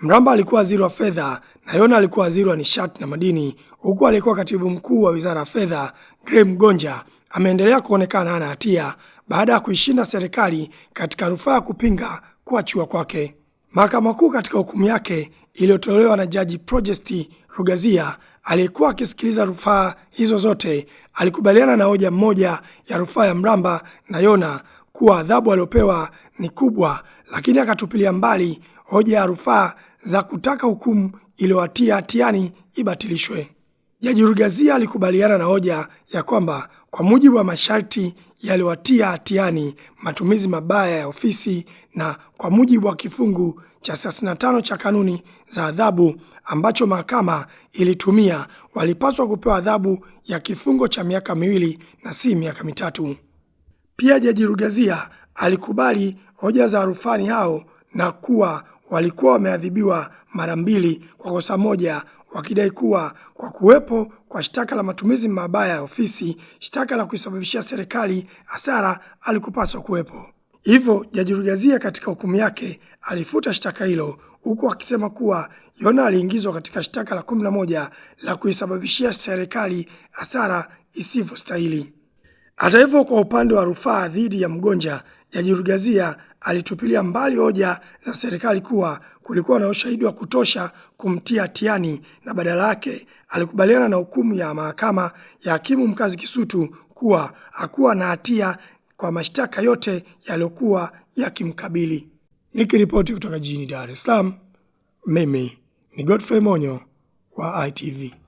Mramba alikuwa waziri wa fedha na Yona alikuwa waziri wa nishati na madini, huku aliyekuwa katibu mkuu wa wizara ya fedha Grey Mgonja ameendelea kuonekana hana hatia baada ya kuishinda serikali katika rufaa ya kupinga kuachiwa kwake. Mahakama Kuu katika hukumu yake iliyotolewa na Jaji Projesti Rugazia aliyekuwa akisikiliza rufaa hizo zote alikubaliana na hoja mmoja ya rufaa ya Mramba na Yona kuwa adhabu aliyopewa ni kubwa, lakini akatupilia mbali hoja ya rufaa za kutaka hukumu iliyowatia hatiani ibatilishwe. Jaji Rugazia alikubaliana na hoja ya kwamba kwa mujibu wa masharti yaliyowatia hatiani matumizi mabaya ya ofisi na kwa mujibu wa kifungu cha 35 cha kanuni za adhabu ambacho mahakama ilitumia, walipaswa kupewa adhabu ya kifungo cha miaka miwili na si miaka mitatu. Pia Jaji Rugazia alikubali hoja za rufani hao na kuwa walikuwa wameadhibiwa mara mbili kwa kosa moja wakidai kuwa kwa kuwepo kwa shtaka la matumizi mabaya ya ofisi, shtaka la kuisababishia serikali hasara alikupaswa kuwepo. Hivyo Jaji Rugazia katika hukumu yake alifuta shtaka hilo huku akisema kuwa Yona aliingizwa katika shtaka la 11 moja la kuisababishia serikali hasara isivyostahili. Hata hivyo, kwa upande wa rufaa dhidi ya mgonja jirugazia alitupilia mbali hoja za serikali kuwa kulikuwa na ushahidi wa kutosha kumtia tiani na badala yake alikubaliana na hukumu ya mahakama ya hakimu mkazi Kisutu kuwa hakuwa na hatia kwa mashtaka yote yaliyokuwa yakimkabili. Nikiripoti kutoka jijini Dar es Salaam, mimi ni Godfrey Monyo wa ITV.